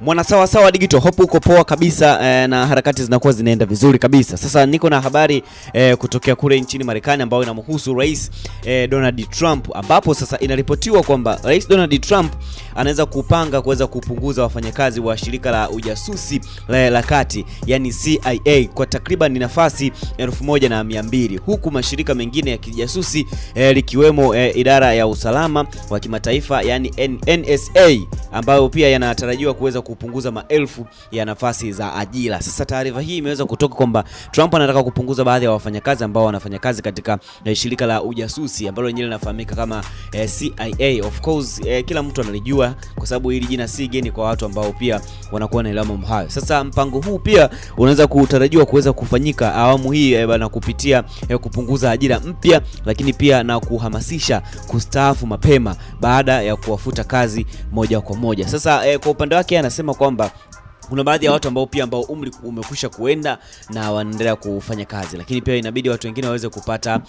Mwana sawa sawa digital hope uko poa kabisa eh, na harakati zinakuwa zinaenda vizuri kabisa. Sasa niko na habari eh, kutokea kule nchini Marekani ambayo inamhusu Rais eh, Donald Trump ambapo sasa inaripotiwa kwamba Rais Donald Trump anaweza kupanga kuweza kupunguza wafanyakazi wa shirika la ujasusi la, la kati yani CIA kwa takriban nafasi 1200 huku mashirika mengine ya kijasusi eh, likiwemo eh, idara ya usalama wa kimataifa yani NSA ambayo pia yanatarajiwa kuweza kupunguza maelfu ya nafasi za ajira. Sasa taarifa hii imeweza kutoka kwamba Trump anataka kupunguza baadhi ya wafanyakazi ambao wanafanya kazi katika eh, shirika la ujasusi ambalo lenyewe linafahamika kama eh, CIA. Of course eh, kila mtu analijua kwa sababu hili jina si geni kwa watu ambao pia wanakuwa na elimu hayo. Sasa mpango huu pia unaweza kutarajiwa kuweza kufanyika awamu hii eh, na kupitia eh, kupunguza ajira mpya, lakini pia na kuhamasisha kustaafu mapema baada ya kuwafuta kazi moja kwa moja moja. Sasa eh, kwa upande wake anasema kwamba kuna baadhi ya watu ambao pia ambao umri umekwisha kuenda na wanaendelea kufanya kazi, lakini pia inabidi watu wengine waweze kupata